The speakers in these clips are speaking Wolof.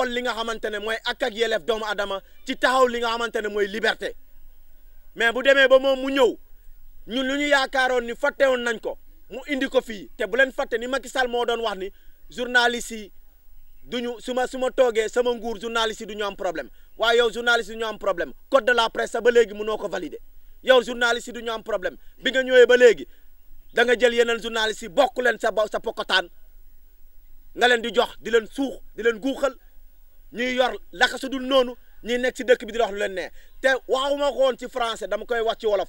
taxawal li nga xamante ne mooy ak ak doomu adama ci taxaw li nga xamante ne mooy liberté mais bu demee ba moom mu ñëw ñun lu ñu yaakaaroon ni fatte fàttewoon nañ ko mu indi ko fii te bu leen fàtte ni Macky Sall moo doon wax ni journaliste du duñu su ma su ma toogee sama nguur journaliste yi du ñu am problème waaye yow journaliste yi du ñu am problème code de la presse ba léegi mënoo ko valider yow journaliste yi du ñu am problème bi nga ñëwee ba léegi da nga jël yeneen journaliste yi bokk leen sa sa pokotaan nga leen di jox di leen suux di leen guuxal ñuy yor laka su noonu ñuy nekk si dëkk bi di wax leen nee te waxuma ko woon ci francais dama koy wax ci wolof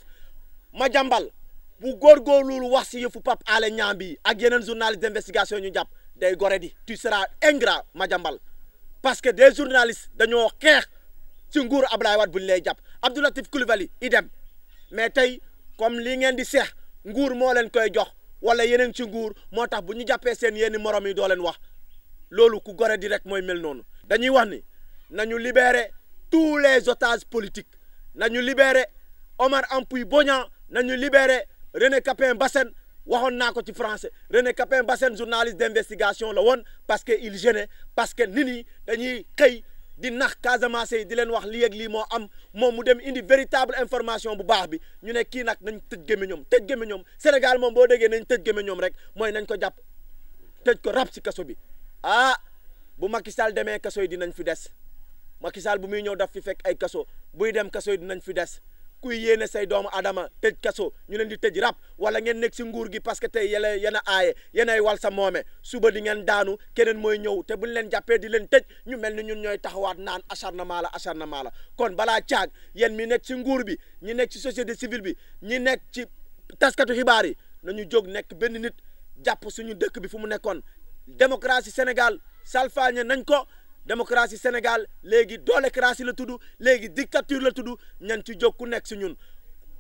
ma jàmbal bu góorgóorlu wax si yëfu Pape Alé Niang bi ak yeneen journaliste d'investigation ñu jàpp day gore di tu seras ingrat ma jàmbal parce que des journalistes dañoo xeex ci nguur Abdoulaye Wade bu ñu lay jàpp Abdou Latif Coulibaly idem mais tey comme li ngeen di seex nguur moo leen koy jox wala yeneen ci nguur moo tax bu ñu jàppee seen yenn morom yi doo leen wax loolu ku gore di rek mooy mel noonu dañuy wax ni nañu libérer tous les otages politiques nañu libérer Omar Ampuy Bodian nañu libérer René Capain Bassène waxoon naa ko ci français René Capain Bassène journaliste d'investigation la woon parce que il gênait parce que nit dañuy xëy di nax Casamance yi di leen wax lii ak lii moo am moom mu dem indi véritable information bu baax bi ñu ne kii nag nañ tëj gémmiñam tëj gémmiñam Sénégal moom boo déggee nañ tëj gémmiñam rek mooy nañ ko jàpp tëj ko rab ci kaso bi ah! bu Macky Sall demee kaso yi dinañ fi des Macky Sall bu muy ñëw daf fi fekk ay kaso buy dem kaso yi dinañ fi des kuy yéene say doomu adama tëj kaso ñu leen di tëj rab wala ngeen nekk si nguur gi parce que tey yéen yéen a aaye yéen wal sa moome suba di ngeen daanu keneen mooy ñëw te bu leen jàppee di leen tëj ñu mel ni ñun ñooy taxawaat naan acharnement la acharnement la kon balaa caag yéen mi nekk si nguur bi ñu nekk si société civile bi ñu nekk ci taskatu xibaar yi nañu jóg nekk benn nit jàpp suñu dëkk bi fu mu nekkoon démocratie Sénégal salfaañe nañ ko démocratie Sénégal léegi doolécratie la tudd léegi dictature la tudd ñan ci ku nekk si ñun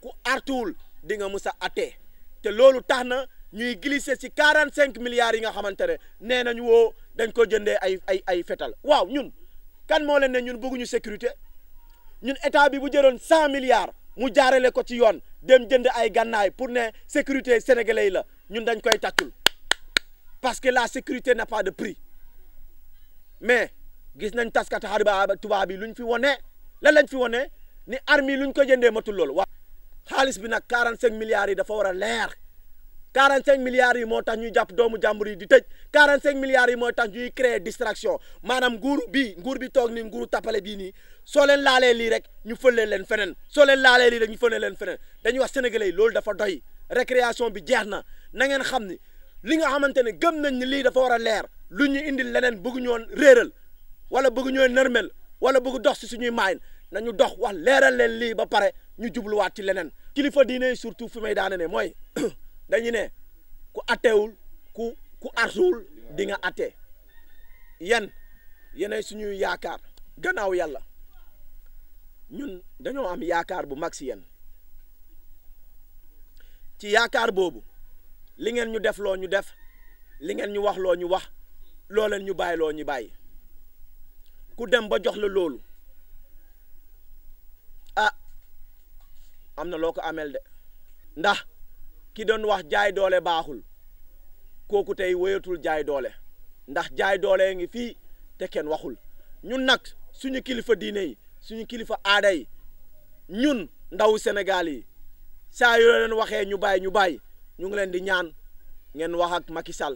ku artuwul di nga mus a atte te loolu tax na ñuy glisser ci quarante cinq milliards yi nga xamante ne nee nañ woo dañ ko jëndee ay ay ay fetal waaw ñun kan moo leen ne ñun bëgguñu sécurité ñun état bi bu jëloon cent milliards mu jaarale ko ci yoon dem jënd ay gànnaay pour ne sécurité sénégalais yi la ñun dañ koy tàccul parce que la sécurité n'a pas de prix mais gis nañ taskati xariba tubaab bi ñu fi wane lan lañ fi wone ni lu ñu ko jëndee matul loolu waa xaalis bi nag quarante cinq milliards yi dafa war a leer quarante cinq milliards yi moo tax ñuy jàpp doomu jàmbur yi di tëj quarante cinq milliards yi moo tax ñuy créer distraction maanaam nguur bi nguur bi toog ni nguuru tapale bii nii soo leen laalee lii rek ñu fëlee leen feneen soo leen laalee lii rek ñu fëlee leen feneen dañuy wax sénégalais loolu dafa doy récréation bi jeex na na ngeen xam ni li nga xamante ne gëm nañ lii dafa war a leer lu ñu indil leneen bëgg ñoon réeral wala bëgg ñoo nërmel wala bëgg dox si suñuy maayin nañu dox wax leeral leen lii ba pare ñu jubluwaat ci leneen kilifa diine surtout fu may daane ne mooy dañu ne ku attewul ku ku artuwul di nga attee yen yeneen suñuy yaakaar gannaaw yàlla ñun dañoo am yaakaar bu mag si yen ci yaakaar boobu li ngeen ñu def loo ñu def li ngeen ñu wax loo ñu wax looleen ñu bàyyi loo ñu bàyyi ku dem ba jox la loolu ah am na loo ko amel de ndax ki doon wax jaay doole baaxul kooku tey wéyatul jaay doole ndax jaay doole ngi fii te kenn waxul ñun nag suñu kilifa diine yi suñu kilifa aada yi ñun ndaw senegaal yi saa yoo leen waxee ñu bàyyi ñu bàyyi ñu ngi leen di ñaan ngeen wax ak Macky Sall